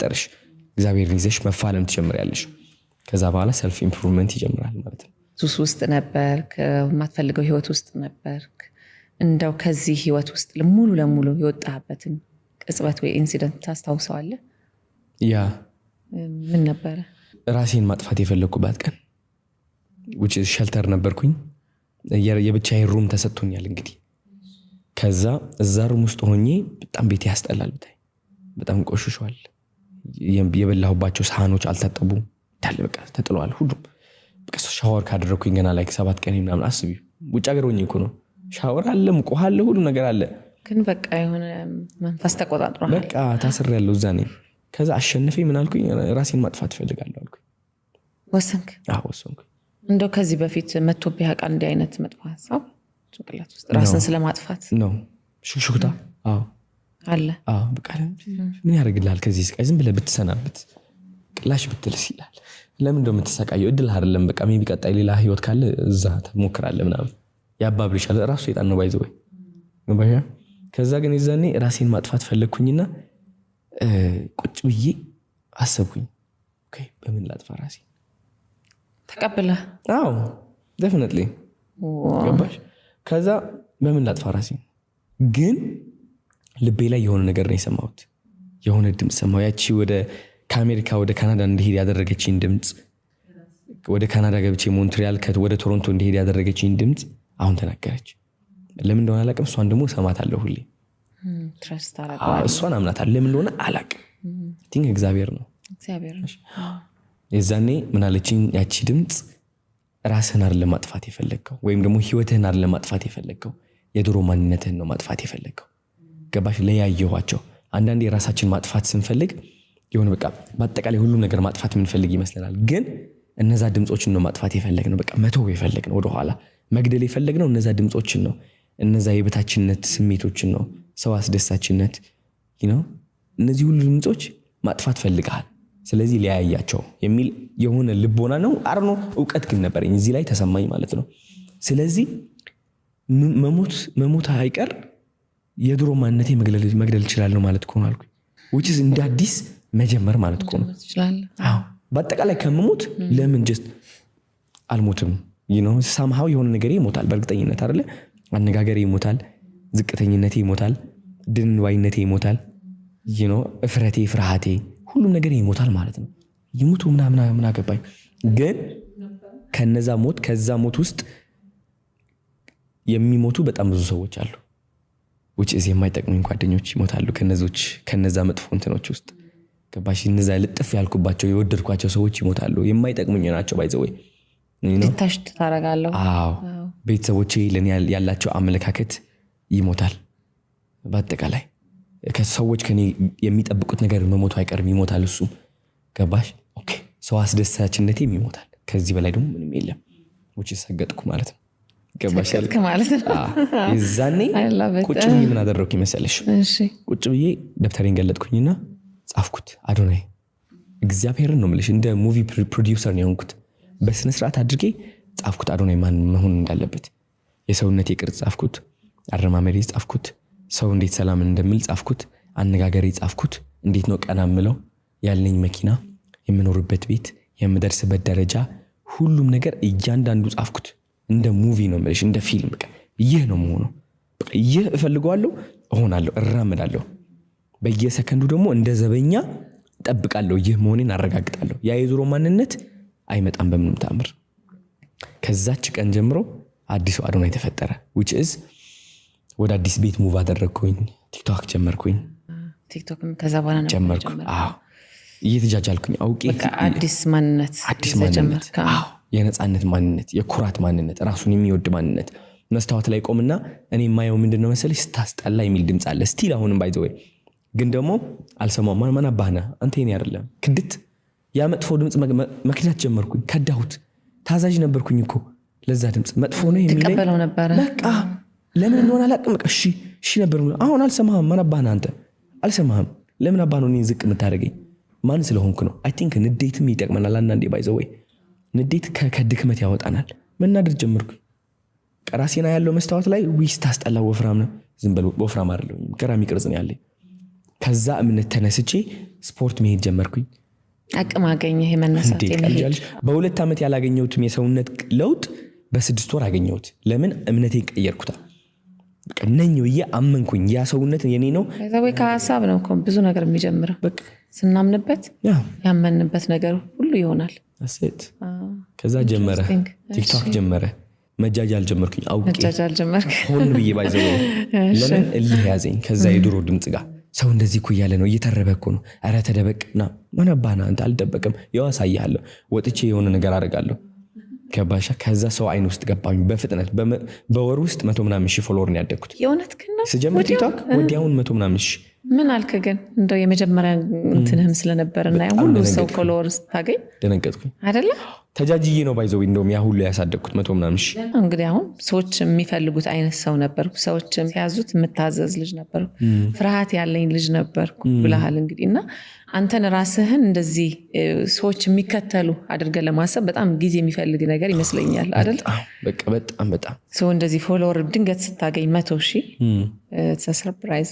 ጠርሽ እግዚአብሔር ይዘሽ መፋለም ትጀምሪያለሽ። ከዛ በኋላ ሰልፍ ኢምፕሩቭመንት ይጀምራል ማለት ነው። ሱስ ውስጥ ነበርክ፣ የማትፈልገው ህይወት ውስጥ ነበርክ። እንደው ከዚህ ህይወት ውስጥ ሙሉ ለሙሉ የወጣበትን ቅጽበት ወይ ኢንሲደንት ታስታውሰዋለህ? ያ ምን ነበረ? ራሴን ማጥፋት የፈለግኩባት ቀን ውጭ ሸልተር ነበርኩኝ። የብቻዬን ሩም ተሰጥቶኛል እንግዲህ ከዛ እዛ ሩም ውስጥ ሆኜ በጣም ቤት ያስጠላል። ብታይ በጣም ቆሽሿል። የበላሁባቸው ሳህኖች አልታጠቡም። ዳል በቃ ተጥለዋል ሁሉም። ሻወር ካደረግኩኝ ገና ላይ ሰባት ቀን ምናምን አስቢ። ውጭ ሀገር ሆኜ እኮ ነው። ሻወር አለ፣ ሙቆህ አለ፣ ሁሉ ነገር አለ። ግን በቃ የሆነ መንፈስ ተቆጣጥሯል። በቃ ታስር ያለው እዛ እኔ። ከዛ አሸነፈኝ። ምን አልኩኝ? ራሴን ማጥፋት እፈልጋለሁ አልኩኝ። ወሰንክ? አዎ ወሰንኩ። እንደው ከዚህ በፊት መቶብህ ያውቃል እንዲህ አይነት መጥፎ ሀሳብ ጭንቅላት ውስጥ ራስን ስለማጥፋት ነው? ሹክሹክታ? አዎ አለ። በቃ ምን ያደርግልሃል? ከዚህ ስቃይ ዝም ብለህ ብትሰናበት ቅላሽ ብትልስ ይላል። ለምን እንደው የምትሰቃየው? እድል አይደለም በቃ ሜቢ ቀጣይ ሌላ ህይወት ካለ እዛ ትሞክራለህ ምናምን ያባብልሻል። ራሱ ሴጣን ነው ባይዘወይ ከዛ ግን የዛኔ ራሴን ማጥፋት ፈለግኩኝና ቁጭ ብዬ አሰብኩኝ። በምን ላጥፋ ራሴ ተቀብለ አዎ ደፍነትሊ ገባሽ። ከዛ በምን ላጥፋ ራሴ ግን ልቤ ላይ የሆነ ነገር ነው የሰማሁት። የሆነ ድምፅ ሰማሁ። ያቺ ወደ ከአሜሪካ ወደ ካናዳ እንዲሄድ ያደረገችኝ ድምፅ፣ ወደ ካናዳ ገብቼ ሞንትሪያል ወደ ቶሮንቶ እንዲሄድ ያደረገችኝ ድምፅ አሁን ተናገረች። ለምን እንደሆነ አላቅም። እሷን ደግሞ እሰማታለሁ ሁሌ። እሷን አምናታለሁ። ለምን እንደሆነ አላቅም። ቲንክ እግዚአብሔር ነው። የዛኔ ምናለችኝ ያቺ ድምፅ ራስህን አር ማጥፋት የፈለግከው ወይም ደግሞ ህይወትህን አር ማጥፋት የፈለግከው የድሮ ማንነትህን ነው ማጥፋት የፈለግከው ገባሽ? ለያየኋቸው አንዳንዴ የራሳችን ማጥፋት ስንፈልግ የሆነ በቃ በአጠቃላይ ሁሉም ነገር ማጥፋት የምንፈልግ ይመስለናል። ግን እነዛ ድምፆችን ነው ማጥፋት የፈለግነው፣ በቃ መተው የፈለግነው፣ ወደኋላ መግደል የፈለግነው እነዛ ድምፆችን ነው፣ እነዛ የበታችነት ስሜቶችን ነው፣ ሰው አስደሳችነት ነው። እነዚህ ሁሉ ድምፆች ማጥፋት ፈልገሃል። ስለዚህ ሊያያቸው የሚል የሆነ ልቦና ነው አርኖ እውቀት ግን ነበረኝ እዚህ ላይ ተሰማኝ ማለት ነው። ስለዚህ መሞት አይቀር የድሮ ማንነቴ መግደል እችላለሁ ማለት ከሆነ አልኩ ዊችስ እንደ አዲስ መጀመር ማለት ከሆነ አዎ በአጠቃላይ ከምሞት ለምን ጀስት አልሞትም? ነው ሳምሃው የሆነ ነገር ይሞታል በእርግጠኝነት አለ አነጋገር ይሞታል፣ ዝቅተኝነቴ ይሞታል፣ ድንባይነቴ ይሞታል፣ እፍረቴ፣ ፍርሃቴ፣ ሁሉም ነገር ይሞታል ማለት ነው። ይሙቱ ምናምን አገባኝ። ግን ከነዛ ሞት ከዛ ሞት ውስጥ የሚሞቱ በጣም ብዙ ሰዎች አሉ። ውጭ የማይጠቅሙኝ ጓደኞች ይሞታሉ። ከነዞች ከነዛ መጥፎ እንትኖች ውስጥ ገባሽ? እነዛ ልጥፍ ያልኩባቸው የወደድኳቸው ሰዎች ይሞታሉ። የማይጠቅሙኝ ናቸው። ባይዘወይ ታሽ ታረጋለሁ። አዎ ቤተሰቦቼ ለእኔ ያላቸው አመለካከት ይሞታል። በአጠቃላይ ከሰዎች ከኔ የሚጠብቁት ነገር መሞቱ አይቀርም። ይሞታል። እሱም ገባሽ? ሰው አስደሳችነቴም ይሞታል። ከዚህ በላይ ደግሞ ምንም የለም። ውጭ ሰገጥኩ ማለት ነው። ገባሻል ከማለት ነው። ቁጭ ብዬ ምን አደረግኩ ይመሰለሽ? ቁጭ ብዬ ደብተሬን ገለጥኩኝና ጻፍኩት። አዶናይ እግዚአብሔርን ነው የምልሽ፣ እንደ ሙቪ ፕሮዲውሰር ነው የሆንኩት። በስነስርዓት አድርጌ ጻፍኩት። አዶናይ ማን መሆን እንዳለበት የሰውነት ቅርጽ ጻፍኩት፣ አረማመዴ ጻፍኩት፣ ሰው እንዴት ሰላም እንደምል ጻፍኩት፣ አነጋገሬ ጻፍኩት፣ እንዴት ነው ቀና ምለው፣ ያለኝ መኪና፣ የምኖርበት ቤት፣ የምደርስበት ደረጃ፣ ሁሉም ነገር እያንዳንዱ ጻፍኩት። እንደ ሙቪ ነው የምልሽ፣ እንደ ፊልም ይህ ነው መሆኑ። ይህ እፈልገዋለሁ፣ እሆናለሁ፣ እራምዳለሁ። በየሰከንዱ ደግሞ እንደ ዘበኛ ጠብቃለሁ፣ ይህ መሆኔን አረጋግጣለሁ። ያ የድሮ ማንነት አይመጣም በምንም ተአምር። ከዛች ቀን ጀምሮ አዲሱ አዶናይ ተፈጠረ። ዊች እዝ ወደ አዲስ ቤት ሙቭ አደረግኩኝ፣ ቲክቶክ ጀመርኩኝ፣ ጀመርኩ እየተጃጃልኩኝ አውቄ አዲስ ማንነት አዲስ ማንነት የነፃነት ማንነት፣ የኩራት ማንነት፣ ራሱን የሚወድ ማንነት። መስታወት ላይ ቆምና እኔ የማየው ምንድን ነው መሰለሽ ስታስጠላ የሚል ድምፅ አለ ስቲል አሁንም ባይዘ ወይ ግን ደግሞ አልሰማም። ማን ማን አባህና አንተ ኔ አይደለም ክድት ያ መጥፎ ድምፅ መክዳት ጀመርኩኝ። ከዳሁት። ታዛዥ ነበርኩኝ እኮ ለዛ ድምፅ መጥፎ ነው የሚለኝ ነበረ። በቃ ለምን እንደሆነ አላቅም። በቃ እሺ እሺ ነበር። አሁን አልሰማህም። ማን አባህና አንተ አልሰማህም። ለምን አባህ ነው እኔን ዝቅ የምታደርገኝ? ማን ስለሆንክ ነው? አይ ቲንክ ንዴትም ይጠቅመናል አንዳንዴ ባይዘ ወይ ንዴት ከድክመት ያወጣናል። መናደድ ጀመርኩኝ። ቀራሴና ያለው መስታወት ላይ ዊስ ታስጠላ ወፍራም ነው። ዝም በል ወፍራም አይደለሁም፣ ገራሚ ቅርጽ ነው ያለኝ። ከዛ እምነት ተነስቼ ስፖርት መሄድ ጀመርኩኝ። አቅም አገኘ። የመነሳት በሁለት ዓመት ያላገኘሁትም የሰውነት ለውጥ በስድስት ወር አገኘሁት። ለምን እምነቴን ቀየርኩታል። ነኝ ብዬ አመንኩኝ። ያ ሰውነት የኔ ነው። ወይ ከሀሳብ ነው ብዙ ነገር የሚጀምረው። ስናምንበት ያመንበት ነገር ሁሉ ይሆናል። Ah, ከዛ ጀመረ ቲክቶክ ጀመረ። መጃጃል ጀመርኩኝ። አውቄ ብዬ ባይዘ ለምን እልህ ያዘኝ ከዛ የድሮ ድምፅ ጋር ሰው እንደዚህ እኮ እያለ ነው እየተረበ እኮ ነው። ኧረ ተደበቅ ና ማናባና አንተ አልደበቅም። ያው ወጥቼ የሆነ ነገር አደርጋለሁ። ገባሻ? ከዛ ሰው አይን ውስጥ ገባኝ በፍጥነት በወር ውስጥ መቶ ምናምን ሺ ፎሎወርን ያደግኩት። ስጀምር ቲክቶክ ወዲያውን መቶ ምናምን ሺህ ምን አልክ ግን እንደው የመጀመሪያ እንትንህም ስለነበረ እና ሁሉ ሰው ፎሎወር ስታገኝ ደነገጥኩኝ አደለም ተጃጅዬ ነው ባይዘው እንደውም ያ ሁሉ ያሳደግኩት መቶ ምናምን ሺ። እንግዲህ አሁን ሰዎች የሚፈልጉት አይነት ሰው ነበርኩ። ሰዎች ሲያዙት የምታዘዝ ልጅ ነበርኩ። ፍርሃት ያለኝ ልጅ ነበርኩ ብለሃል እንግዲህ እና አንተን ራስህን እንደዚህ ሰዎች የሚከተሉ አድርገን ለማሰብ በጣም ጊዜ የሚፈልግ ነገር ይመስለኛል አይደል? በቃ በጣም በጣም ሰው እንደዚህ ፎሎወር ድንገት ስታገኝ መቶ ሺ ሰርፕራይዝ።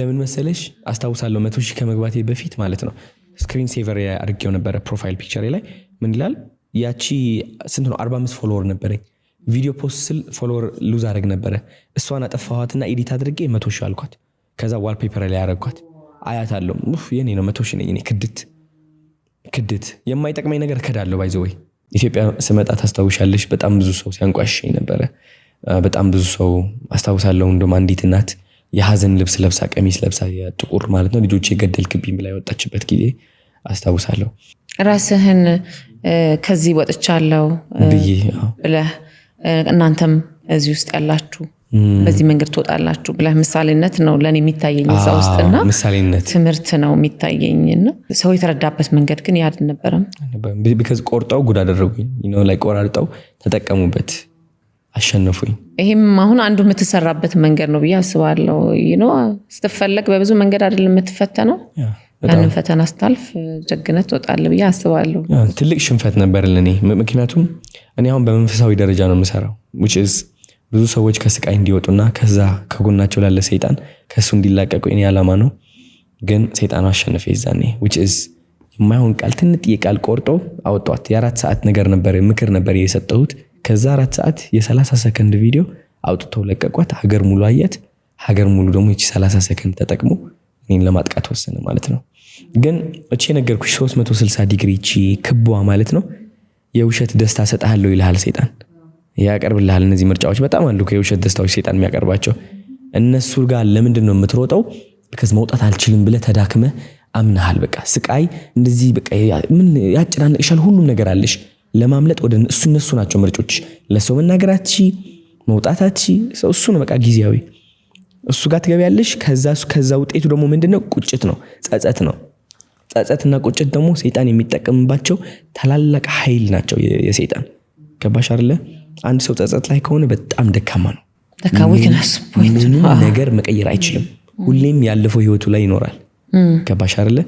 ለምን መሰለሽ አስታውሳለሁ፣ መቶ ሺ ከመግባቴ በፊት ማለት ነው ስክሪን ሴቨር አድርጌው ነበረ ፕሮፋይል ፒክቸሬ ላይ ምን ይላል ያቺ ስንት ነው? 45 ፎሎወር ነበረኝ። ቪዲዮ ፖስት ስል ፎሎወር ሉዝ አድረግ ነበረ። እሷን አጠፋኋትና ኤዲት አድርጌ መቶ ሺ አልኳት። ከዛ ዋልፔፐር ላይ ያደረግኳት አያት አለው የኔ ነው መቶ ሺ ነኝ። ክድት ክድት የማይጠቅመኝ ነገር ከዳለው ባይዘ ወይ ኢትዮጵያ ስመጣ ታስታውሻለሽ፣ በጣም ብዙ ሰው ሲያንቋሽሸኝ ነበረ። በጣም ብዙ ሰው አስታውሳለሁ። እንደውም አንዲት እናት የሀዘን ልብስ ለብሳ ቀሚስ ለብሳ ጥቁር ማለት ነው ልጆች የገደል የገደልክብኝ ብላ የወጣችበት ጊዜ አስታውሳለሁ። ራስህን ከዚህ ወጥቻለሁ ብለህ እናንተም እዚህ ውስጥ ያላችሁ በዚህ መንገድ ትወጣላችሁ ብለህ ምሳሌነት ነው ለእኔ የሚታየኝ እዛ ውስጥና ትምህርት ነው የሚታየኝ ሰው የተረዳበት መንገድ ግን ያድ ነበረም። ቆርጠው ጉድ አደረጉኝ ላይ ቆራርጠው ተጠቀሙበት፣ አሸነፉኝ። ይህም አሁን አንዱ የምትሰራበት መንገድ ነው ብዬ አስባለሁ። ስትፈለግ በብዙ መንገድ አይደለም የምትፈተነው ያንን ፈተና ስታልፍ ጀግነት ትወጣለህ ብዬ አስባለሁ። ትልቅ ሽንፈት ነበር ለእኔ። ምክንያቱም እኔ አሁን በመንፈሳዊ ደረጃ ነው የምሰራው ብዙ ሰዎች ከስቃይ እንዲወጡና ከዛ ከጎናቸው ላለ ሰይጣን ከእሱ እንዲላቀቁ ኔ ዓላማ ነው። ግን ሰይጣኑ አሸነፈ የዛኔ ውጭዝ የማይሆን ቃል ትንጥ ቃል ቆርጦ አወጧት። የአራት ሰዓት ነገር ነበር ምክር ነበር የሰጠሁት። ከዛ አራት ሰዓት የሰላሳ ሰከንድ ቪዲዮ አውጥተው ለቀቋት። ሀገር ሙሉ አያት። ሀገር ሙሉ ደግሞ ይቺ ሰላሳ ሰከንድ ተጠቅሞ እኔን ለማጥቃት ወሰነ ማለት ነው። ግን እቺ የነገርኩሽ 360 ዲግሪ እቺ ክቧ ማለት ነው። የውሸት ደስታ ሰጥሃለሁ ይልሃል ሰይጣን ያቀርብልሃል። እነዚህ ምርጫዎች በጣም አሉ ከየውሸት ደስታዎች ሰይጣን የሚያቀርባቸው እነሱ ጋር ለምንድን ነው የምትሮጠው? ከዚህ መውጣት አልችልም ብለ ተዳክመ አምናሃል። በቃ ስቃይ እንደዚህ በቃ ምን ያጨናንቅሻል? ሁሉም ነገር አለሽ ለማምለጥ ወደ እሱ እነሱ ናቸው ምርጮች። ለሰው መናገራቺ መውጣታቺ እሱ ነው በቃ ጊዜያዊ እሱ ጋር ትገቢያለሽ። ከዛ ውጤቱ ደግሞ ምንድነው? ቁጭት ነው፣ ጸጸት ነው። ጸጸትና ቁጭት ደግሞ ሰይጣን የሚጠቀምባቸው ታላላቅ ኃይል ናቸው። የሰይጣን ገባሽ አይደለ? አንድ ሰው ጸጸት ላይ ከሆነ በጣም ደካማ ነው። ምንም ነገር መቀየር አይችልም። ሁሌም ያለፈው ህይወቱ ላይ ይኖራል። ገባሽ አይደለ?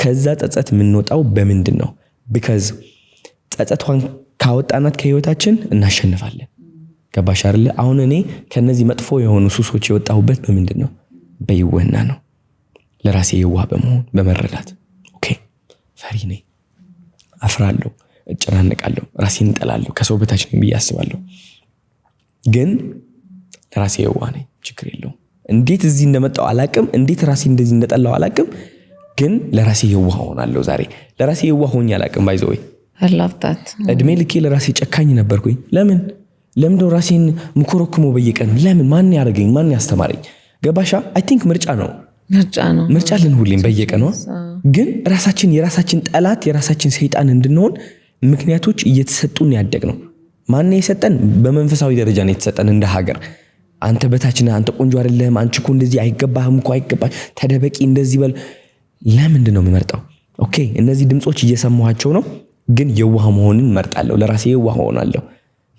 ከዛ ጸጸት የምንወጣው በምንድን ነው? ቢካዝ ጸጸቷን ካወጣናት ከህይወታችን እናሸንፋለን። ገባሽ አይደለ? አሁን እኔ ከነዚህ መጥፎ የሆኑ ሱሶች የወጣሁበት በምንድን ነው? በይወና ነው። ለራሴ የዋህ በመሆን በመረዳት ፈሪ ነኝ፣ አፍራለሁ፣ እጨናነቃለሁ፣ ራሴን እንጠላለሁ፣ ከሰው በታች ነኝ ብዬ አስባለሁ። ግን ራሴ የዋ ነኝ፣ ችግር የለውም። እንዴት እዚህ እንደመጣው አላቅም፣ እንዴት ራሴ እንደዚህ እንደጠላው አላቅም። ግን ለራሴ የዋ ሆናለሁ። ዛሬ ለራሴ የዋ ሆኜ አላቅም። ወይ እድሜ ልኬ ለራሴ ጨካኝ ነበርኩኝ። ለምን ለምንደው ራሴን ምኮረኩሞ በየቀን ለምን? ማን ያደረገኝ? ማን ያስተማረኝ? ገባሻ? አይ ቲንክ ምርጫ ነው ምርጫ ነው ምርጫ ልን ሁሌም በየቀኗ ግን ራሳችን የራሳችን ጠላት የራሳችን ሰይጣን እንድንሆን ምክንያቶች እየተሰጡን ያደግ ነው። ማን የሰጠን? በመንፈሳዊ ደረጃ ነው የተሰጠን እንደ ሀገር። አንተ በታችን፣ አንተ ቆንጆ አይደለህም፣ አንቺ እኮ እንደዚህ አይገባህም እኮ አይገባህ፣ ተደበቂ፣ እንደዚህ በል። ለምንድን ነው የምመርጠው? ኦኬ እነዚህ ድምፆች እየሰማኋቸው ነው፣ ግን የዋህ መሆንን መርጣለሁ። ለራሴ የዋህ ሆናለሁ።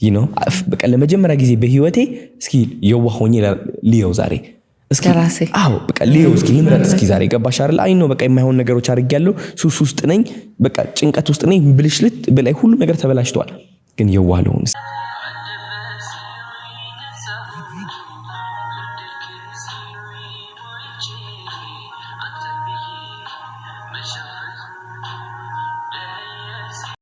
ይህ ነው በቃ ለመጀመሪያ ጊዜ በህይወቴ እስኪ የዋህ ሆኜ ልየው ዛሬ እስኪ ራሴ አዎ በቃ ሌው እስኪ ልምረጥ፣ እስኪ ዛሬ ገባሽ አይደል? አይ ነው በቃ የማይሆን ነገሮች አድርጌያለሁ፣ ሱስ ውስጥ ነኝ፣ በቃ ጭንቀት ውስጥ ነኝ፣ ብልሽልት በላይ ሁሉ ነገር ተበላሽቷል። ግን የዋለውን ልሁን